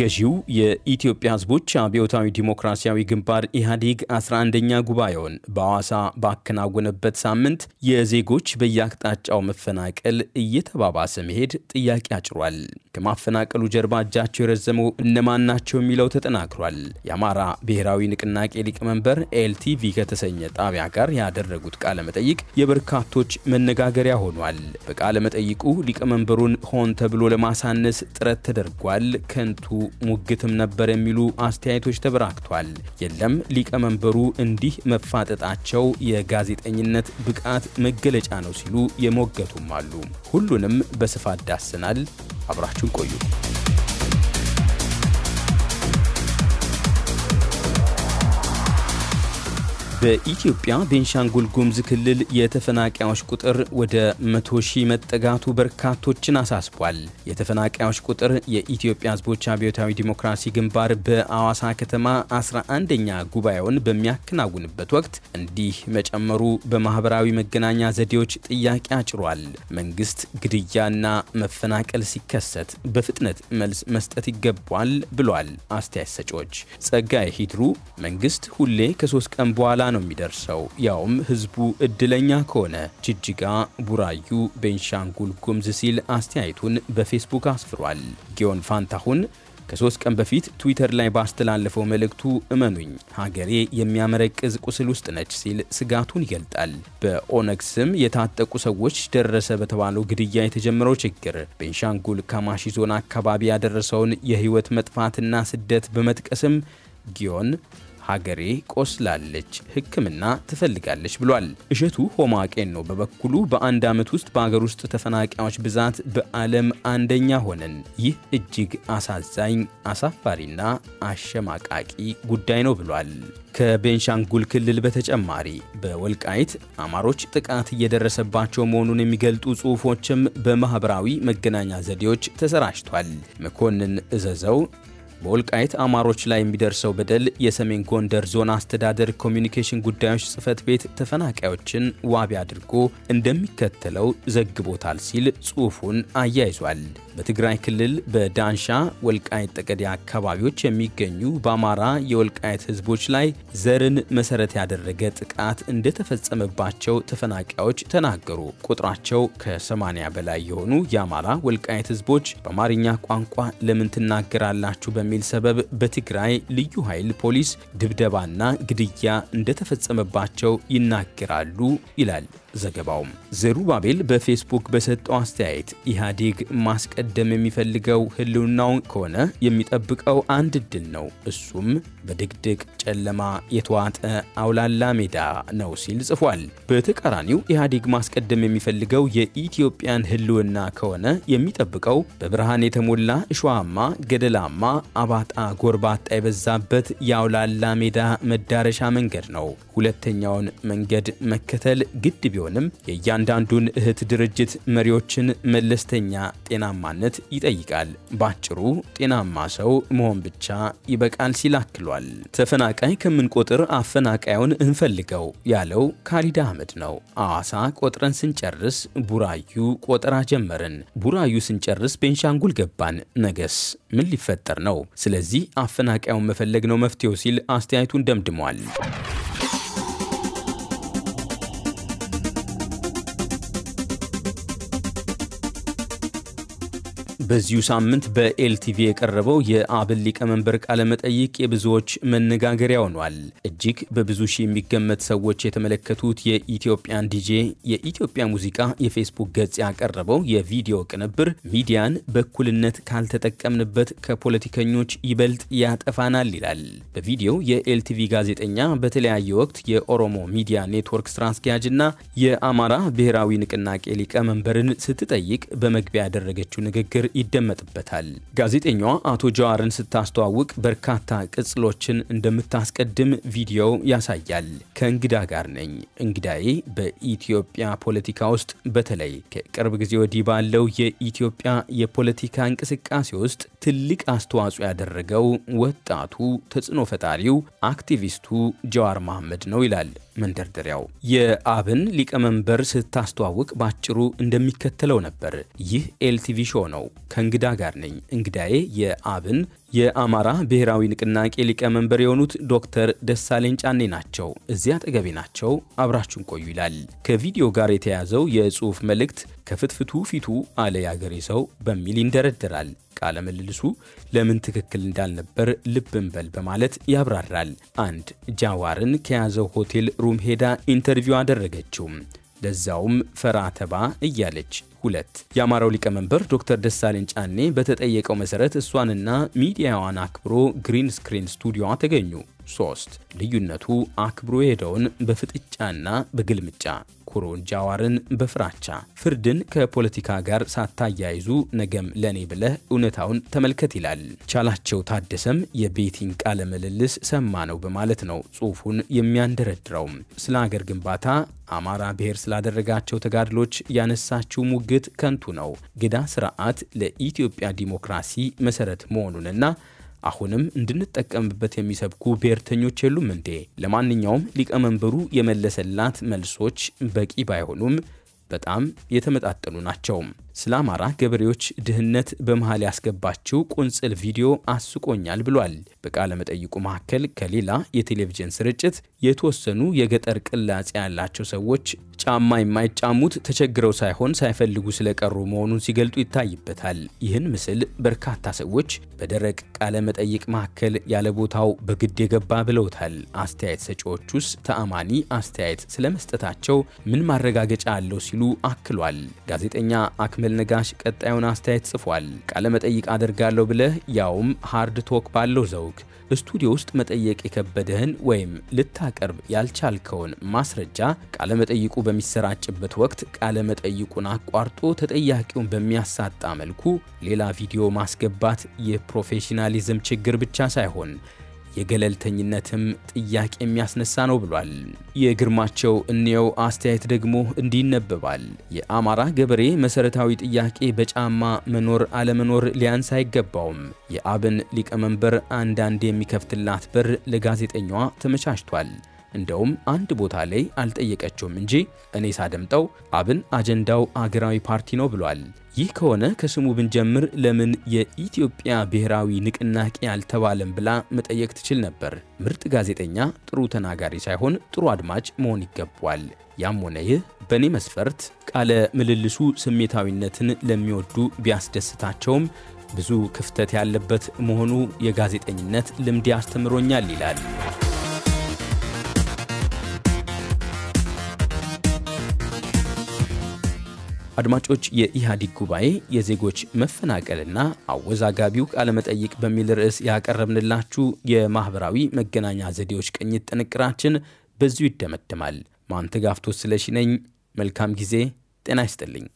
ገዢው የኢትዮጵያ ሕዝቦች አብዮታዊ ዲሞክራሲያዊ ግንባር ኢህአዴግ 11ኛ ጉባኤውን በሐዋሳ ባከናወነበት ሳምንት የዜጎች በየአቅጣጫው መፈናቀል እየተባባሰ መሄድ ጥያቄ አጭሯል። ከማፈናቀሉ ጀርባ እጃቸው የረዘመው እነማን ናቸው የሚለው ተጠናክሯል። የአማራ ብሔራዊ ንቅናቄ ሊቀመንበር ኤልቲቪ ከተሰኘ ጣቢያ ጋር ያደረጉት ቃለ መጠይቅ የበርካቶች መነጋገሪያ ሆኗል። በቃለ መጠይቁ ሊቀመንበሩን ሆን ተብሎ ለማሳነስ ጥረት ተደርጓል ከንቱ ሙግትም ነበር የሚሉ አስተያየቶች ተበራክቷል። የለም ሊቀመንበሩ እንዲህ መፋጠጣቸው የጋዜጠኝነት ብቃት መገለጫ ነው ሲሉ የሞገቱም አሉ። ሁሉንም በስፋት ዳስናል። አብራችን ቆዩ። በኢትዮጵያ ቤንሻንጉል ጉሙዝ ክልል የተፈናቃዮች ቁጥር ወደ መቶ ሺህ መጠጋቱ በርካቶችን አሳስቧል። የተፈናቃዮች ቁጥር የኢትዮጵያ ሕዝቦች አብዮታዊ ዲሞክራሲ ግንባር በአዋሳ ከተማ 11ኛ ጉባኤውን በሚያከናውንበት ወቅት እንዲህ መጨመሩ በማህበራዊ መገናኛ ዘዴዎች ጥያቄ አጭሯል። መንግስት ግድያና መፈናቀል ሲከሰት በፍጥነት መልስ መስጠት ይገባል ብሏል አስተያየት ሰጪዎች። ጸጋይ ሂድሩ መንግስት ሁሌ ከሶስት ቀን በኋላ ነው የሚደርሰው፣ ያውም ህዝቡ እድለኛ ከሆነ። ጅጅጋ፣ ቡራዩ፣ ቤንሻንጉል ጉምዝ ሲል አስተያየቱን በፌስቡክ አስፍሯል። ጊዮን ፋንታሁን ከሶስት ቀን በፊት ትዊተር ላይ ባስተላለፈው መልእክቱ እመኑኝ ሀገሬ የሚያመረቅዝ ቁስል ውስጥ ነች ሲል ስጋቱን ይገልጣል። በኦነግ ስም የታጠቁ ሰዎች ደረሰ በተባለው ግድያ የተጀመረው ችግር ቤንሻንጉል ካማሺ ዞን አካባቢ ያደረሰውን የህይወት መጥፋትና ስደት በመጥቀስም ጊዮን ሀገሬ ቆስላለች፣ ሕክምና ትፈልጋለች ብሏል። እሸቱ ነው። በበኩሉ በአንድ ዓመት ውስጥ በአገር ውስጥ ተፈናቃዮች ብዛት በዓለም አንደኛ ሆነን፣ ይህ እጅግ አሳዛኝ አሳፋሪና አሸማቃቂ ጉዳይ ነው ብሏል። ከቤንሻንጉል ክልል በተጨማሪ በወልቃይት አማሮች ጥቃት እየደረሰባቸው መሆኑን የሚገልጡ ጽሑፎችም በማኅበራዊ መገናኛ ዘዴዎች ተሰራጭቷል። መኮንን እዘዘው በወልቃይት አማሮች ላይ የሚደርሰው በደል የሰሜን ጎንደር ዞን አስተዳደር ኮሚኒኬሽን ጉዳዮች ጽህፈት ቤት ተፈናቃዮችን ዋቢ አድርጎ እንደሚከተለው ዘግቦታል ሲል ጽሑፉን አያይዟል። በትግራይ ክልል በዳንሻ ወልቃይት ጠገዴ አካባቢዎች የሚገኙ በአማራ የወልቃይት ህዝቦች ላይ ዘርን መሰረት ያደረገ ጥቃት እንደተፈጸመባቸው ተፈናቃዮች ተናገሩ። ቁጥራቸው ከ80 በላይ የሆኑ የአማራ ወልቃይት ህዝቦች በአማርኛ ቋንቋ ለምን ትናገራላችሁ? በ በሚል ሰበብ በትግራይ ልዩ ኃይል ፖሊስ ድብደባና ግድያ እንደተፈጸመባቸው ይናገራሉ ይላል ዘገባውም። ዘሩባቤል በፌስቡክ በሰጠው አስተያየት ኢህአዴግ ማስቀደም የሚፈልገው ህልውናው ከሆነ የሚጠብቀው አንድ እድል ነው፣ እሱም በድቅድቅ ጨለማ የተዋጠ አውላላ ሜዳ ነው ሲል ጽፏል። በተቃራኒው ኢህአዴግ ማስቀደም የሚፈልገው የኢትዮጵያን ህልውና ከሆነ የሚጠብቀው በብርሃን የተሞላ እሾሃማ ገደላማ አባጣ ጎርባጣ የበዛበት የአውላላ ሜዳ መዳረሻ መንገድ ነው። ሁለተኛውን መንገድ መከተል ግድ ቢሆንም የእያንዳንዱን እህት ድርጅት መሪዎችን መለስተኛ ጤናማነት ይጠይቃል። ባጭሩ ጤናማ ሰው መሆን ብቻ ይበቃል ሲል አክሏል። ተፈናቃይ ከምንቆጥር አፈናቃዩን እንፈልገው ያለው ካሊድ አህመድ ነው። አዋሳ ቆጥረን ስንጨርስ ቡራዩ ቆጠራ ጀመርን። ቡራዩ ስንጨርስ ቤንሻንጉል ገባን። ነገስ ምን ሊፈጠር ነው? ስለዚህ አፈናቃዩን መፈለግ ነው መፍትሄው ሲል አስተያየቱን ደምድሟል። በዚሁ ሳምንት በኤልቲቪ የቀረበው የአብን ሊቀመንበር ቃለመጠይቅ የብዙዎች መነጋገሪያ ሆኗል። እጅግ በብዙ ሺህ የሚገመት ሰዎች የተመለከቱት የኢትዮጵያን ዲጄ የኢትዮጵያ ሙዚቃ የፌስቡክ ገጽ ያቀረበው የቪዲዮ ቅንብር ሚዲያን በእኩልነት ካልተጠቀምንበት ከፖለቲከኞች ይበልጥ ያጠፋናል ይላል። በቪዲዮው የኤልቲቪ ጋዜጠኛ በተለያየ ወቅት የኦሮሞ ሚዲያ ኔትወርክ ስራ አስኪያጅና የአማራ ብሔራዊ ንቅናቄ ሊቀመንበርን ስትጠይቅ በመግቢያ ያደረገችው ንግግር ይደመጥበታል። ጋዜጠኛዋ አቶ ጀዋርን ስታስተዋውቅ በርካታ ቅጽሎችን እንደምታስቀድም ቪዲዮ ያሳያል። ከእንግዳ ጋር ነኝ። እንግዳዬ በኢትዮጵያ ፖለቲካ ውስጥ በተለይ ከቅርብ ጊዜ ወዲህ ባለው የኢትዮጵያ የፖለቲካ እንቅስቃሴ ውስጥ ትልቅ አስተዋጽኦ ያደረገው ወጣቱ ተጽዕኖ ፈጣሪው አክቲቪስቱ ጀዋር መሐመድ ነው ይላል መንደርደሪያው። የአብን ሊቀመንበር ስታስተዋውቅ ባጭሩ እንደሚከተለው ነበር። ይህ ኤልቲቪ ሾው ነው። ከእንግዳ ጋር ነኝ። እንግዳዬ የአብን የአማራ ብሔራዊ ንቅናቄ ሊቀመንበር የሆኑት ዶክተር ደሳለኝ ጫኔ ናቸው። እዚያ አጠገቤ ናቸው። አብራችን ቆዩ ይላል። ከቪዲዮ ጋር የተያዘው የጽሑፍ መልእክት ከፍትፍቱ ፊቱ አለ ያገሬ ሰው በሚል ይንደረደራል። ቃለ ምልልሱ ለምን ትክክል እንዳልነበር ልብንበል በማለት ያብራራል። አንድ ጃዋርን ከያዘው ሆቴል ሩም ሄዳ ኢንተርቪው አደረገችው። ለዛውም ፈራተባ እያለች ሁለት የአማራው ሊቀመንበር ዶክተር ደሳለኝ ጫኔ በተጠየቀው መሰረት እሷንና ሚዲያዋን አክብሮ ግሪን ስክሪን ስቱዲዮዋ ተገኙ። ሶስት ልዩነቱ አክብሮ የሄደውን በፍጥጫና በግልምጫ አትኩሮ ጃዋርን በፍራቻ ፍርድን ከፖለቲካ ጋር ሳታያይዙ ነገም ለኔ ብለህ እውነታውን ተመልከት ይላል። ቻላቸው ታደሰም የቤቲን ቃለ ምልልስ ሰማ ነው በማለት ነው ጽሁፉን የሚያንደረድረው። ስለ አገር ግንባታ አማራ ብሔር ስላደረጋቸው ተጋድሎች ያነሳችው ሙግት ከንቱ ነው፣ ግዳ ስርዓት ለኢትዮጵያ ዲሞክራሲ መሰረት መሆኑንና አሁንም እንድንጠቀምበት የሚሰብኩ ብሔርተኞች የሉም እንዴ? ለማንኛውም ሊቀመንበሩ የመለሰላት መልሶች በቂ ባይሆኑም በጣም የተመጣጠኑ ናቸው። ስለ አማራ ገበሬዎች ድህነት በመሀል ያስገባችው ቁንጽል ቪዲዮ አስቆኛል ብሏል። በቃለ መጠይቁ መካከል ከሌላ የቴሌቪዥን ስርጭት የተወሰኑ የገጠር ቅላጼ ያላቸው ሰዎች ጫማ የማይጫሙት ተቸግረው ሳይሆን ሳይፈልጉ ስለቀሩ መሆኑን ሲገልጡ ይታይበታል። ይህን ምስል በርካታ ሰዎች በደረቅ ቃለ መጠይቅ መካከል ያለ ቦታው በግድ የገባ ብለውታል። አስተያየት ሰጪዎቹስ ተአማኒ አስተያየት ስለመስጠታቸው ምን ማረጋገጫ አለው ሲሉ አክሏል። ጋዜጠኛ አክመ ኤልሚል ነጋሽ ቀጣዩን አስተያየት ጽፏል። ቃለመጠይቅ አደርጋለሁ ብለህ ያውም ሃርድ ቶክ ባለው ዘውግ ስቱዲዮ ውስጥ መጠየቅ የከበደህን ወይም ልታቀርብ ያልቻልከውን ማስረጃ ቃለመጠይቁ በሚሰራጭበት ወቅት ቃለመጠይቁን አቋርጦ ተጠያቂውን በሚያሳጣ መልኩ ሌላ ቪዲዮ ማስገባት የፕሮፌሽናሊዝም ችግር ብቻ ሳይሆን የገለልተኝነትም ጥያቄ የሚያስነሳ ነው ብሏል። የግርማቸው እንየው አስተያየት ደግሞ እንዲህ ይነበባል። የአማራ ገበሬ መሰረታዊ ጥያቄ በጫማ መኖር አለመኖር ሊያንስ አይገባውም። የአብን ሊቀመንበር አንዳንድ የሚከፍትላት በር ለጋዜጠኛዋ ተመቻችቷል። እንደውም አንድ ቦታ ላይ አልጠየቀችውም እንጂ እኔ ሳደምጠው አብን አጀንዳው አገራዊ ፓርቲ ነው ብሏል። ይህ ከሆነ ከስሙ ብንጀምር ለምን የኢትዮጵያ ብሔራዊ ንቅናቄ አልተባለም ብላ መጠየቅ ትችል ነበር። ምርጥ ጋዜጠኛ ጥሩ ተናጋሪ ሳይሆን ጥሩ አድማጭ መሆን ይገባዋል። ያም ሆነ ይህ በእኔ መስፈርት ቃለ ምልልሱ ስሜታዊነትን ለሚወዱ ቢያስደስታቸውም ብዙ ክፍተት ያለበት መሆኑ የጋዜጠኝነት ልምድ ያስተምሮኛል ይላል። አድማጮች የኢህአዴግ ጉባኤ የዜጎች መፈናቀልና አወዛጋቢው ቃለመጠይቅ በሚል ርዕስ ያቀረብንላችሁ የማኅበራዊ መገናኛ ዘዴዎች ቅኝት ጥንቅራችን በዚሁ ይደመድማል። ማንተጋፍቶ ስለሺ ነኝ። መልካም ጊዜ። ጤና ይስጥልኝ።